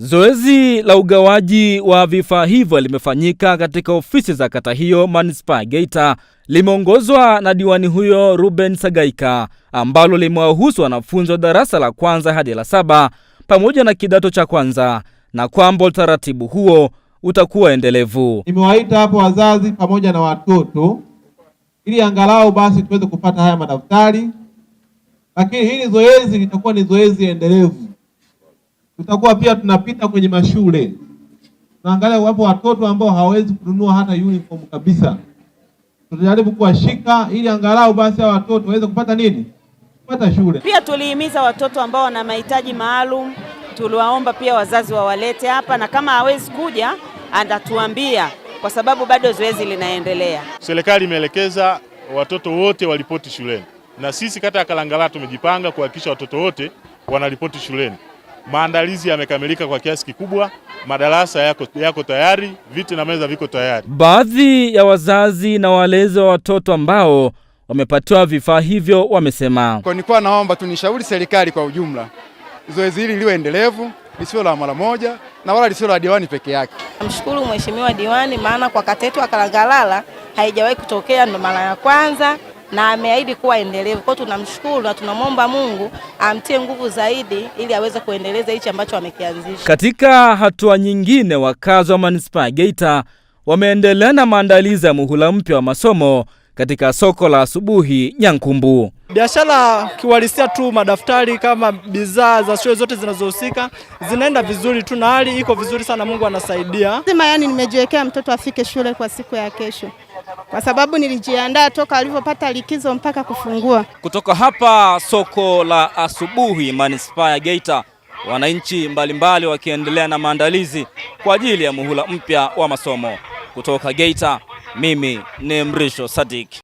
Zoezi la ugawaji wa vifaa hivyo limefanyika katika ofisi za kata hiyo manispaa Geita, limeongozwa na diwani huyo Ruben Sagaika, ambalo limewahusu wanafunzi wa darasa la kwanza hadi la saba pamoja na kidato cha kwanza, na kwamba utaratibu huo utakuwa endelevu. Nimewaita hapo wazazi pamoja na watoto ili angalau basi tuweze kupata haya madaftari, lakini hili zoezi litakuwa ni zoezi endelevu tutakuwa pia tunapita kwenye mashule, tunaangalia wapo watoto ambao hawawezi kununua hata uniform kabisa, tutajaribu kuwashika ili angalau basi hao watoto waweze kupata nini, kupata shule. Pia tulihimiza watoto ambao wana mahitaji maalum, tuliwaomba pia wazazi wawalete hapa, na kama hawezi kuja anatuambia, kwa sababu bado zoezi linaendelea. Serikali imeelekeza watoto wote waripoti shuleni, na sisi kata ya Kalangala tumejipanga kuhakikisha watoto wote wanaripoti shuleni maandalizi yamekamilika kwa kiasi kikubwa, madarasa yako, yako tayari, viti na meza viko tayari. Baadhi ya wazazi na walezi wa watoto ambao wamepatiwa vifaa hivyo wamesema, kwa nilikuwa naomba tunishauri serikali kwa ujumla, zoezi hili liwe endelevu, lisio la mara moja na wala lisio la diwani peke yake. Namshukuru mheshimiwa diwani, maana kwa katetu akalangalala haijawahi kutokea, ndo mara ya kwanza na ameahidi kuwa endelevu. Kwa hiyo tunamshukuru na tunamwomba Mungu amtie nguvu zaidi ili aweze kuendeleza hichi ambacho amekianzisha. Katika hatua nyingine, wakazi wa manispaa ya Geita wameendelea na maandalizi ya muhula mpya wa masomo katika soko la asubuhi Nyankumbu. Biashara kiwalisia tu madaftari kama bidhaa za shule zote zinazohusika zinaenda vizuri tu na hali iko vizuri sana, Mungu anasaidia. Sema yani nimejiwekea mtoto afike shule kwa siku ya kesho kwa sababu nilijiandaa toka alivyopata likizo mpaka kufungua. Kutoka hapa soko la asubuhi manispaa ya Geita, wananchi mbalimbali wakiendelea na maandalizi kwa ajili ya muhula mpya wa masomo. Kutoka Geita, mimi ni Mrisho Sadik.